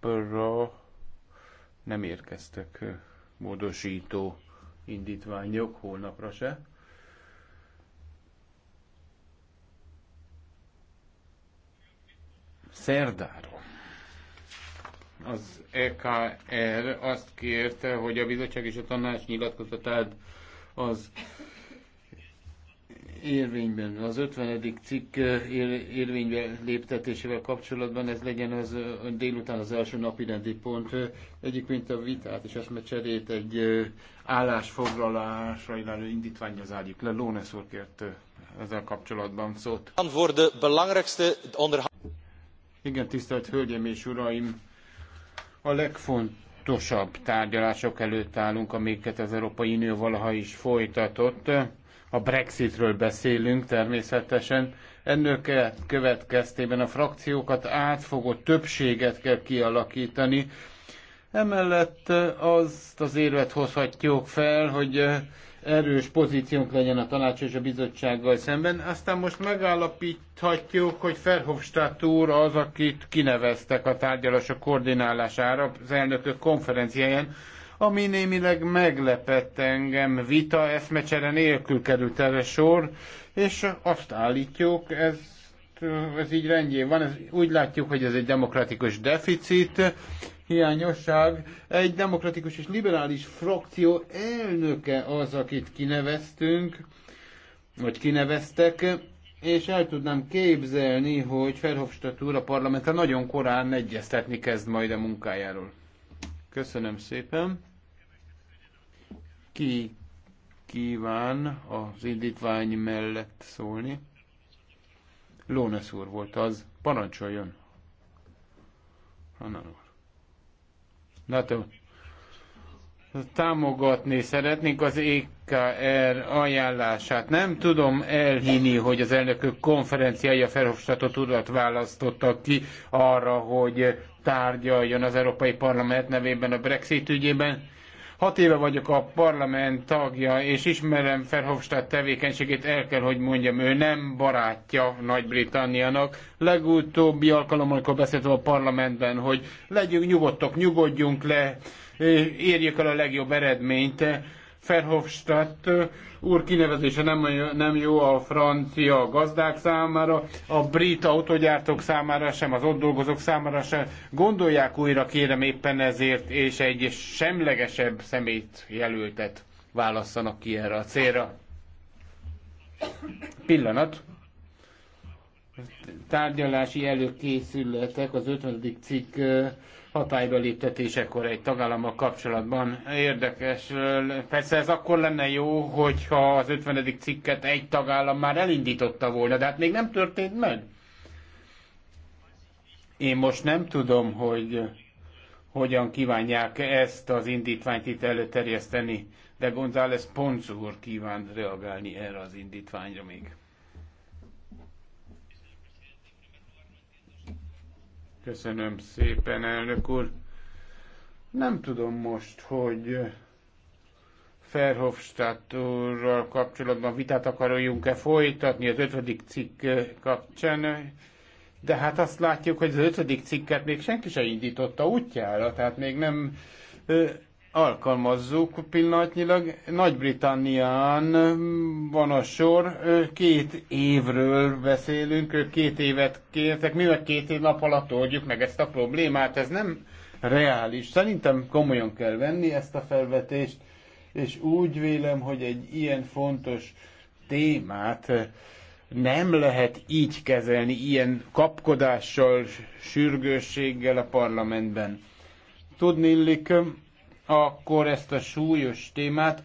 napra nem érkeztek módosító indítványok, holnapra se. Szerdára. Az EKR azt kérte, hogy a bizottság és a tanács nyilatkozatát az érvényben, az 50. cikk érvényben léptetésével kapcsolatban ez legyen az délután az első napi rendi pont. mint a vitát és cserét egy állásfoglalásra illetve indítványra zárjuk le. Lónesz úr kért ezzel kapcsolatban szót. Igen, tisztelt Hölgyeim és Uraim! A legfontosabb legfontosabb tárgyalások előtt állunk, amiket az Európai Unió valaha is folytatott. A Brexitről beszélünk természetesen. Ennek következtében a frakciókat átfogó többséget kell kialakítani. Emellett azt az érvet hozhatjuk fel, hogy erős pozíciónk legyen a tanács és a bizottsággal szemben. Aztán most megállapíthatjuk, hogy Ferhofstadt úr az, akit kineveztek a tárgyalások koordinálására az elnökök konferenciáján ami némileg meglepett engem, vita eszmecsere nélkül került erre sor, és azt állítjuk, ez, ez így rendjén van, ez, úgy látjuk, hogy ez egy demokratikus deficit, hiányosság. Egy demokratikus és liberális frakció elnöke az, akit kineveztünk, vagy kineveztek, és el tudnám képzelni, hogy Ferhofstadt úr a parlamenten nagyon korán egyeztetni kezd majd a munkájáról. Köszönöm szépen. Ki kíván az indítvány mellett szólni? Lónesz úr volt az. Parancsoljon! Hannan úr. Na te, támogatni szeretnénk az EKR ajánlását. Nem tudom elhinni, hogy az elnökök konferenciája Ferhofstadtot urat választottak ki arra, hogy tárgyaljon az Európai Parlament nevében a Brexit ügyében Hat éve vagyok a parlament tagja, és ismerem Verhofstadt tevékenységét, el kell, hogy mondjam, ő nem barátja Nagy-Britanniának. Legutóbbi alkalommal, amikor beszéltem a parlamentben, hogy legyünk nyugodtok, nyugodjunk le, érjük el a legjobb eredményt Verhofstadt úr kinevezése nem, nem jó a francia gazdák számára, a brit autogyártók számára sem, az ott dolgozók számára sem. Gondolják újra, kérem éppen ezért, és egy semlegesebb szemét jelöltet válasszanak ki erre a célra. Pillanat. Tárgyalási előkészületek az 50. cikk hatályba léptetésekor egy tagállammal kapcsolatban. Érdekes. Persze ez akkor lenne jó, hogyha az 50. cikket egy tagállam már elindította volna, de hát még nem történt meg. Én most nem tudom, hogy hogyan kívánják ezt az indítványt itt előterjeszteni, de González Ponc úr kíván reagálni erre az indítványra még. Köszönöm szépen, elnök úr. Nem tudom most, hogy Ferhofstadt úrral kapcsolatban vitát akaruljunk-e folytatni az ötödik cikk kapcsán, de hát azt látjuk, hogy az ötödik cikket még senki sem indította útjára, tehát még nem alkalmazzuk pillanatnyilag. Nagy-Britannián mm, van a sor, két évről beszélünk, két évet kértek, mi meg két nap alatt oldjuk meg ezt a problémát, ez nem reális. Szerintem komolyan kell venni ezt a felvetést, és úgy vélem, hogy egy ilyen fontos témát nem lehet így kezelni, ilyen kapkodással, sürgősséggel a parlamentben. Tudni illik, akkor ezt a súlyos témát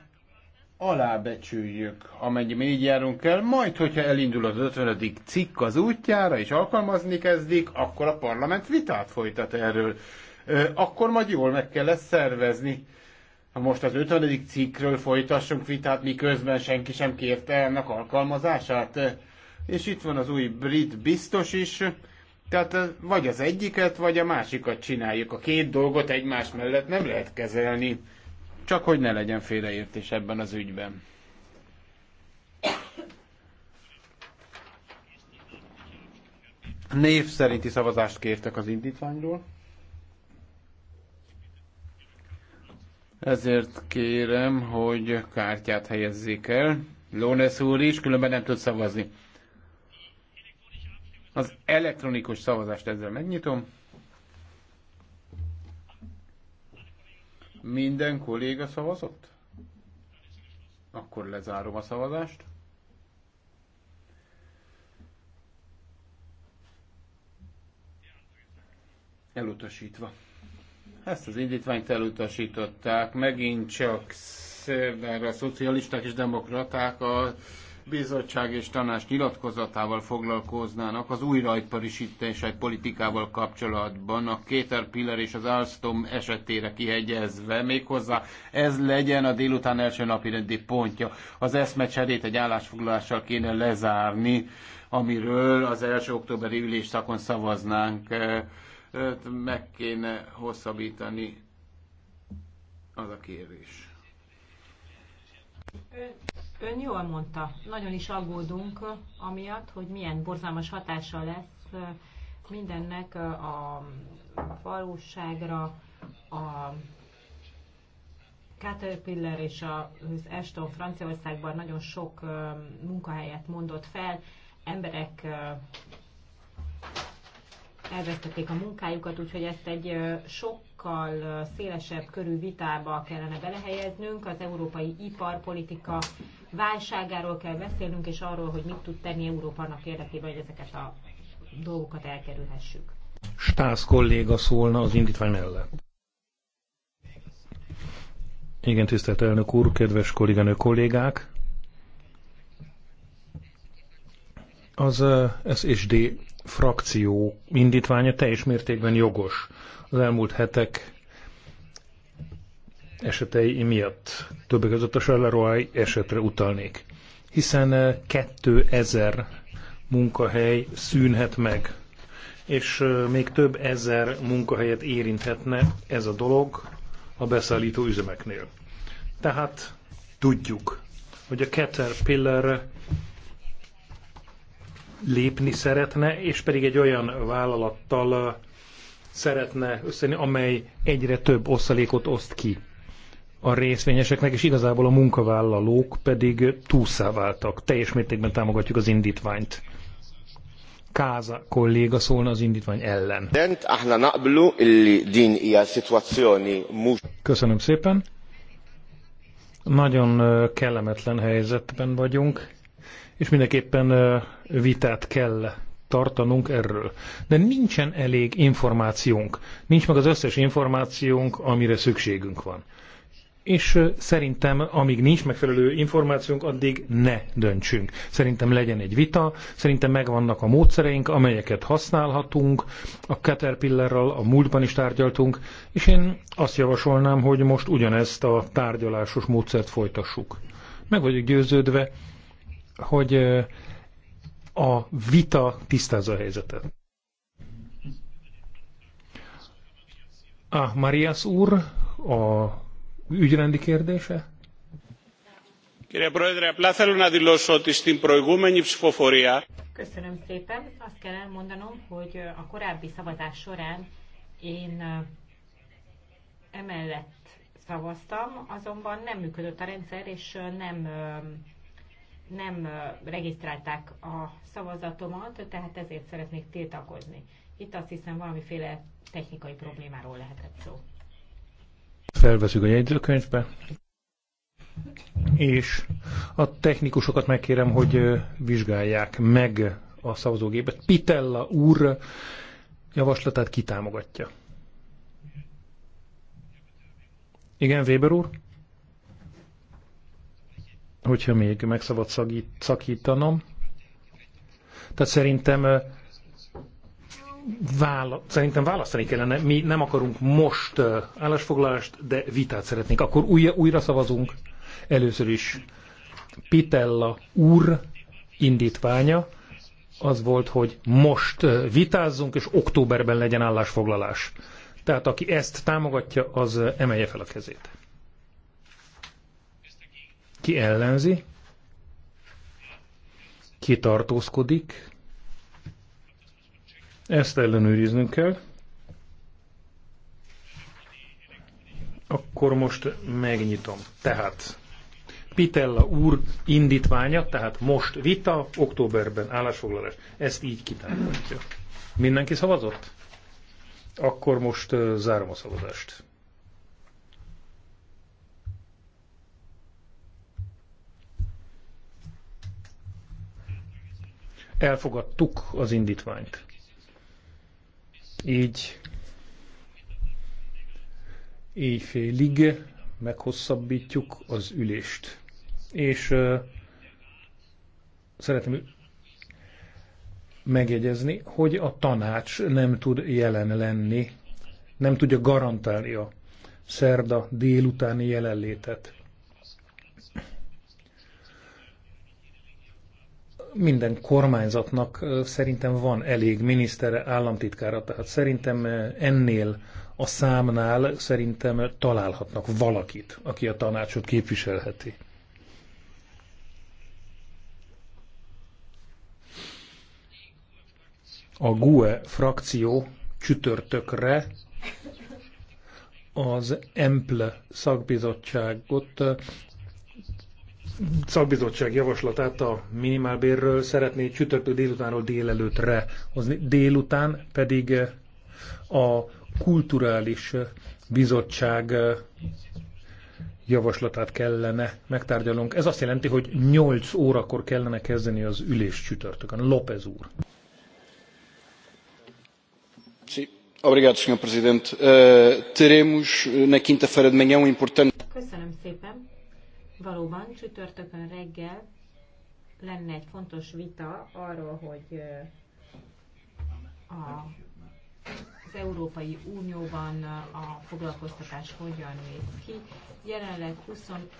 alábecsüljük, amennyiben így járunk el, majd, hogyha elindul az 50. cikk az útjára, és alkalmazni kezdik, akkor a parlament vitát folytat erről. Akkor majd jól meg kell ezt szervezni. Ha most az 50. cikkről folytassunk vitát, miközben senki sem kérte ennek alkalmazását. És itt van az új brit biztos is, tehát vagy az egyiket, vagy a másikat csináljuk. A két dolgot egymás mellett nem lehet kezelni. Csak hogy ne legyen félreértés ebben az ügyben. Név szerinti szavazást kértek az indítványról. Ezért kérem, hogy kártyát helyezzék el. Lónesz úr is, különben nem tud szavazni. Az elektronikus szavazást ezzel megnyitom. Minden kolléga szavazott? Akkor lezárom a szavazást. Elutasítva. Ezt az indítványt elutasították. Megint csak szerdán a szocialisták és demokraták a bizottság és tanács nyilatkozatával foglalkoznának az új újraiparisítések politikával kapcsolatban a Caterpillar és az Alstom esetére kihegyezve, méghozzá ez legyen a délután első napi rendi pontja. Az eszmecserét egy állásfoglalással kéne lezárni, amiről az első októberi szakon szavaznánk. Meg kéne hosszabbítani az a kérés. Ön, jól mondta, nagyon is aggódunk amiatt, hogy milyen borzalmas hatása lesz mindennek a valóságra, a Caterpillar és az Eston Franciaországban nagyon sok munkahelyet mondott fel, emberek elvesztették a munkájukat, úgyhogy ezt egy sok sokkal szélesebb körű vitába kellene belehelyeznünk, az európai iparpolitika válságáról kell beszélnünk, és arról, hogy mit tud tenni Európának érdekében, hogy ezeket a dolgokat elkerülhessük. Stász kolléga szólna az indítvány mellett. Igen, tisztelt elnök úr, kedves kolléganő kollégák! Az SSD frakció indítványa teljes mértékben jogos az elmúlt hetek esetei miatt. Többek között a Charleroi esetre utalnék. Hiszen 2000 eh, munkahely szűnhet meg, és eh, még több ezer munkahelyet érinthetne ez a dolog a beszállító üzemeknél. Tehát tudjuk, hogy a Caterpillar lépni szeretne, és pedig egy olyan vállalattal eh, szeretne összeni, amely egyre több osztalékot oszt ki a részvényeseknek, és igazából a munkavállalók pedig túlszá váltak. Teljes mértékben támogatjuk az indítványt. Káza kolléga szólna az indítvány ellen. Köszönöm szépen. Nagyon kellemetlen helyzetben vagyunk, és mindenképpen vitát kell tartanunk erről. De nincsen elég információnk, nincs meg az összes információnk, amire szükségünk van. És szerintem, amíg nincs megfelelő információnk, addig ne döntsünk. Szerintem legyen egy vita, szerintem megvannak a módszereink, amelyeket használhatunk, a Caterpillarral a múltban is tárgyaltunk, és én azt javasolnám, hogy most ugyanezt a tárgyalásos módszert folytassuk. Meg vagyok győződve, hogy a vita tisztázza a helyzetet. Ah, Marias úr, a ügyrendi kérdése? Kérem, Πρόεδρε, απλά θέλω να δηλώσω Köszönöm szépen. Azt kell elmondanom, hogy a korábbi szavazás során én eh, emellett szavaztam, azonban nem működött a rendszer, és eh, nem eh, nem regisztrálták a szavazatomat, tehát ezért szeretnék tiltakozni. Itt azt hiszem valamiféle technikai problémáról lehetett szó. Felveszünk a jegyzőkönyvbe, és a technikusokat megkérem, hogy vizsgálják meg a szavazógépet. Pitella úr javaslatát kitámogatja. Igen, Weber úr? hogyha még meg szabad szakítanom. Tehát szerintem vála, szerintem választani kellene. Mi nem akarunk most állásfoglalást, de vitát szeretnénk. Akkor újra, újra szavazunk. Először is Pitella úr indítványa az volt, hogy most vitázzunk, és októberben legyen állásfoglalás. Tehát aki ezt támogatja, az emelje fel a kezét. Ki ellenzi? Ki tartózkodik? Ezt ellenőriznünk kell. Akkor most megnyitom. Tehát Pitella úr indítványa, tehát most vita, októberben állásfoglalás. Ezt így kitámogatja. Mindenki szavazott? Akkor most zárom a szavazást. elfogadtuk az indítványt. Így éjfélig meghosszabbítjuk az ülést. És uh, szeretném megjegyezni, hogy a tanács nem tud jelen lenni, nem tudja garantálni a szerda délutáni jelenlétet. minden kormányzatnak szerintem van elég minisztere, államtitkára, tehát szerintem ennél a számnál szerintem találhatnak valakit, aki a tanácsot képviselheti. A GUE frakció csütörtökre az EMPLE szakbizottságot szakbizottság javaslatát a minimálbérről szeretné csütörtök délutánról délelőtre hozni. Délután pedig eh, a kulturális eh, bizottság eh, javaslatát kellene megtárgyalunk. Ez azt jelenti, hogy 8 órakor kellene kezdeni az ülés csütörtökön. López úr. Sí. Obrigado, Sr. Presidente. Uh, teremos na quinta-feira de manhã um importante. Köszönöm szépen. Valóban csütörtökön reggel lenne egy fontos vita arról, hogy a, az Európai Unióban a foglalkoztatás hogyan néz ki. Jelenleg 25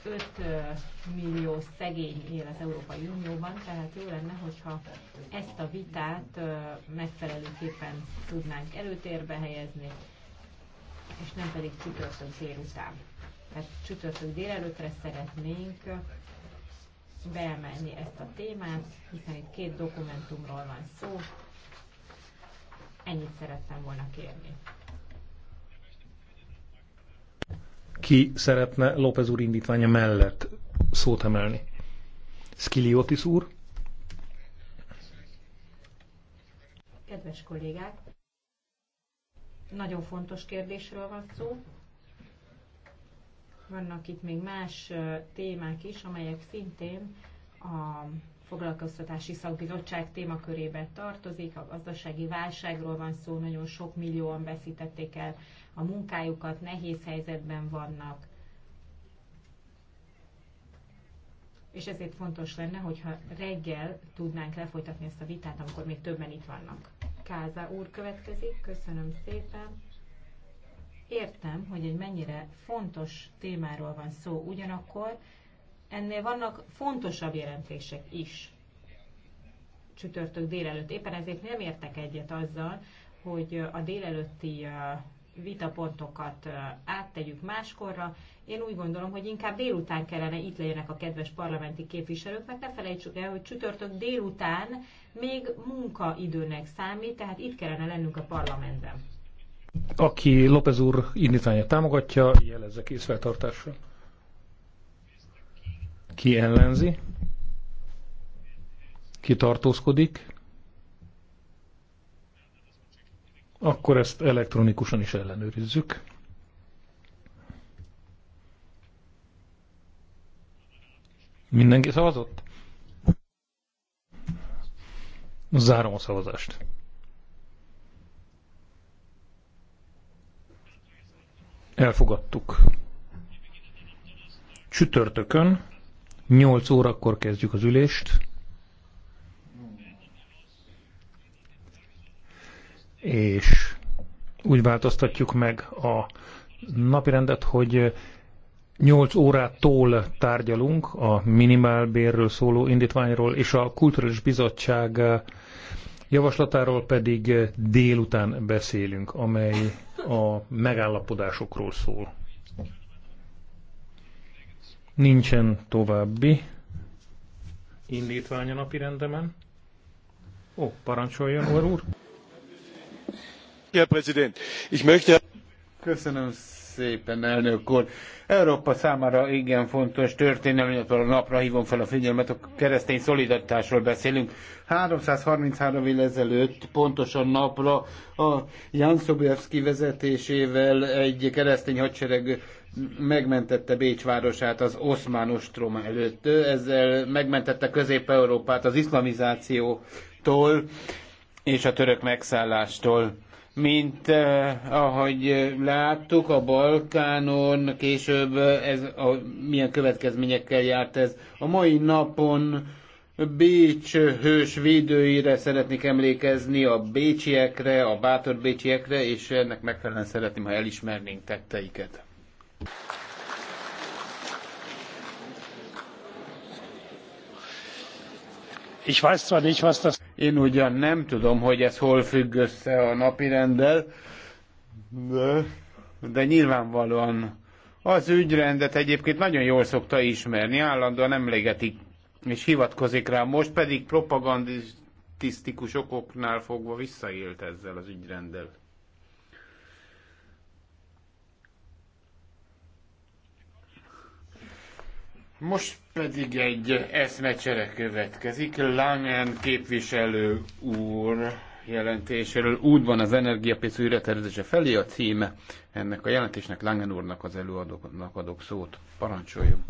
millió szegény él az Európai Unióban, tehát jó lenne, hogyha ezt a vitát megfelelőképpen tudnánk előtérbe helyezni, és nem pedig csütörtök délután tehát csütörtök délelőtre szeretnénk beemelni ezt a témát, hiszen itt két dokumentumról van szó. Ennyit szerettem volna kérni. Ki szeretne López úr indítványa mellett szót emelni? Skiliotis úr? Kedves kollégák, nagyon fontos kérdésről van szó, vannak itt még más témák is, amelyek szintén a foglalkoztatási szakbizottság témakörébe tartozik. A gazdasági válságról van szó, nagyon sok millióan veszítették el a munkájukat, nehéz helyzetben vannak. És ezért fontos lenne, hogyha reggel tudnánk lefolytatni ezt a vitát, amikor még többen itt vannak. Káza úr következik, köszönöm szépen értem, hogy egy mennyire fontos témáról van szó, ugyanakkor ennél vannak fontosabb jelentések is csütörtök délelőtt. Éppen ezért nem értek egyet azzal, hogy a délelőtti vitapontokat áttegyük máskorra. Én úgy gondolom, hogy inkább délután kellene itt legyenek a kedves parlamenti képviselők, mert ne felejtsük el, hogy csütörtök délután még munkaidőnek számít, tehát itt kellene lennünk a parlamentben. Aki López úr indítványát támogatja, jelezze készfeltartásra. Ki ellenzi? Ki tartózkodik? Akkor ezt elektronikusan is ellenőrizzük. Mindenki szavazott? Zárom a szavazást. Elfogadtuk. Csütörtökön 8 órakor kezdjük az ülést. És úgy változtatjuk meg a napirendet, hogy 8 órától tárgyalunk a minimálbérről szóló indítványról, és a Kulturális Bizottság javaslatáról pedig délután beszélünk, amely a megállapodásokról szól. Nincsen további indítvány a napi rendemen. Ó, parancsoljon, úr úr! Köszönöm szépen, elnök úr. Európa számára igen fontos történelmi illetve a napra hívom fel a figyelmet, a keresztény szolidaritásról beszélünk. 333 évvel ezelőtt pontosan napra a Jan Szobjevszki vezetésével egy keresztény hadsereg megmentette Bécs városát az oszmán ostrom előtt. Ezzel megmentette Közép-Európát az iszlamizációtól és a török megszállástól mint eh, ahogy eh, láttuk a Balkánon, később ez a, milyen következményekkel járt ez. A mai napon Bécs hős védőire szeretnék emlékezni, a bécsiekre, a bátor bécsiekre, és ennek megfelelően szeretném, ha elismernénk tetteiket. Ich weiß zwar nicht, was das... Én ugyan nem tudom, hogy ez hol függ össze a napirenddel, de, de nyilvánvalóan az ügyrendet egyébként nagyon jól szokta ismerni, állandóan emlegetik és hivatkozik rá, most pedig propagandisztikus okoknál fogva visszaélt ezzel az ügyrenddel. Most pedig egy eszmecsere következik. Langen képviselő úr jelentéséről útban az energiapiac újratervezése felé a címe. Ennek a jelentésnek Langen úrnak az előadóknak adok szót. Parancsoljon!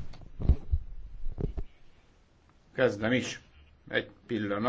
Kezdem is. Egy pillanat.